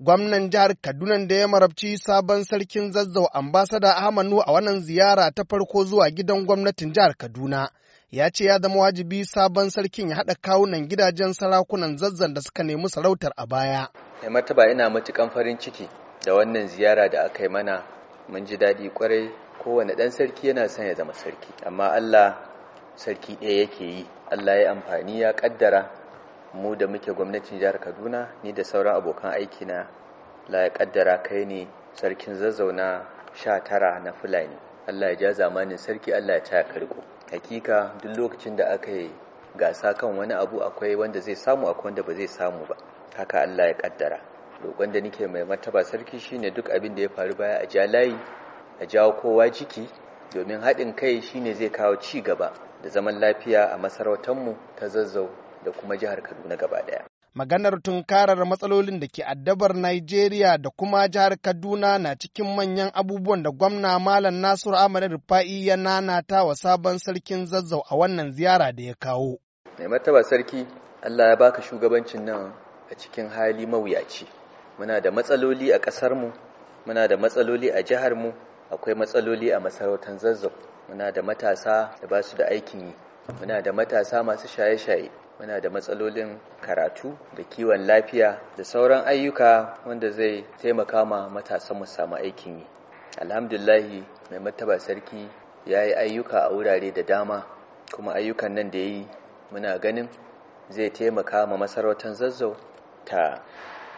gwamnan jihar Kaduna da ya marabci sabon sarkin zazzau ambasada Ahmadu a wannan ziyara ta farko zuwa gidan gwamnatin jihar Kaduna. Ya ce ya zama wajibi sabon sarkin ya haɗa kawunan gidajen sarakunan zazzan da suka nemi sarautar a baya. ya martaba ina matukan farin ciki da wannan ziyara da aka yi mana mun ji daɗi kwarai kowane ɗan sarki yana son ya zama sarki amma Allah sarki ɗaya yake yi Allah ya amfani ya ƙaddara mu da muke gwamnatin jihar kaduna ni da sauran abokan aiki na la ya kaddara kai ne sarkin zazzauna sha tara na fulani allah ya ja zamanin sarki allah ya caya karko hakika duk lokacin da aka yi gasa kan wani abu akwai wanda zai samu akwai wanda ba zai samu ba haka allah ya kaddara roƙon da nike mai martaba sarki shine duk abin da ya faru baya a ja layi a jawo kowa jiki domin haɗin kai shine zai kawo ci gaba da zaman lafiya a masarautar mu ta zazzau da kuma jihar Kaduna gaba daya. Maganar tunkarar matsalolin da ke addabar Najeriya da kuma jihar Kaduna na cikin manyan abubuwan da gwamna Malam Nasiru Ahmadu Rufa'i ya nanata wa sabon sarkin zazzau a wannan ziyara da ya kawo. Mai martaba sarki, Allah ya baka shugabancin nan a cikin hali mawuyaci. Muna da matsaloli a ƙasarmu, muna da matsaloli a jihar mu akwai matsaloli a masarautar zazzau, muna da matasa da ba su da aikin yi. muna da matasa masu shaye-shaye muna da matsalolin karatu da kiwon lafiya da sauran ayyuka wanda zai taimaka ma matasan mu samu aikin yi alhamdulahi mai mataba sarki ya yi ayyuka a wurare da dama kuma ayyukan nan da ya yi muna ganin zai taimaka ma masarautar zazzau ta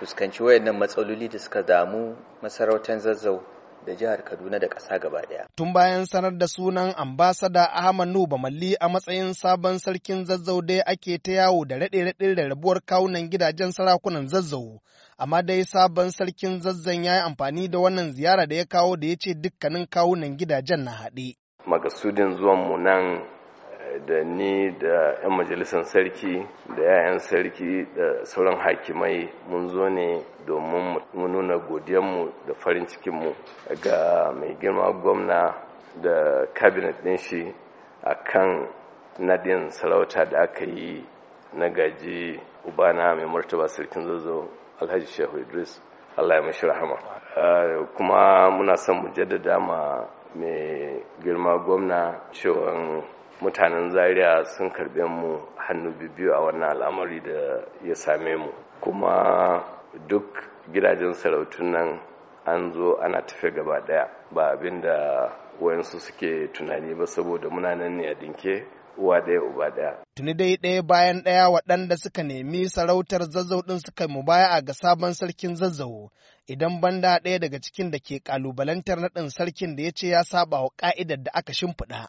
fuskanci wayannan matsaloli da suka damu masarautar zazzau da jihar Kaduna da ƙasa gaba ɗaya. Tun bayan sanar da sunan ambasada Ahmad Nuhu Bamalli a matsayin sabon sarkin zazzau dai ake ta yawo da raɗe-raɗe da rabuwar kawunan gidajen sarakunan zazzau. Amma dai sabon sarkin zazzan ya yi amfani da wannan ziyara da ya kawo da ya ce dukkanin kawunan gidajen na haɗe. Magasudin zuwan mu nan da ni da 'yan majalisar sarki da yayan sarki da sauran hakimai mun zo ne domin mu nuna godiyanmu da farin cikinmu ga mai girma gwamna da kabinet din shi a kan nadin sarauta da aka yi na gaji ubana mai martaba sarkin zazzau alhaji shehu idris allah ya mashi rahama kuma muna son mu jaddada ma mai girma gwamna cewa mutanen zaria sun karbe mu hannu biyu a wannan al'amari da ya same mu kuma duk gidajen sarautun nan an zo ana tafe gaba daya ba abin da wayansu suke tunani ba saboda muna nan ne a dinke uwa ɗaya uba ɗaya. Tuni dai daya bayan ɗaya waɗanda suka nemi sarautar zazzau ɗin suka mu baya a ga sabon sarkin zazzau idan banda ɗaya daga cikin da ke ƙalubalantar naɗin sarkin da ya ce ya saba wa ƙa'idar da aka shimfiɗa.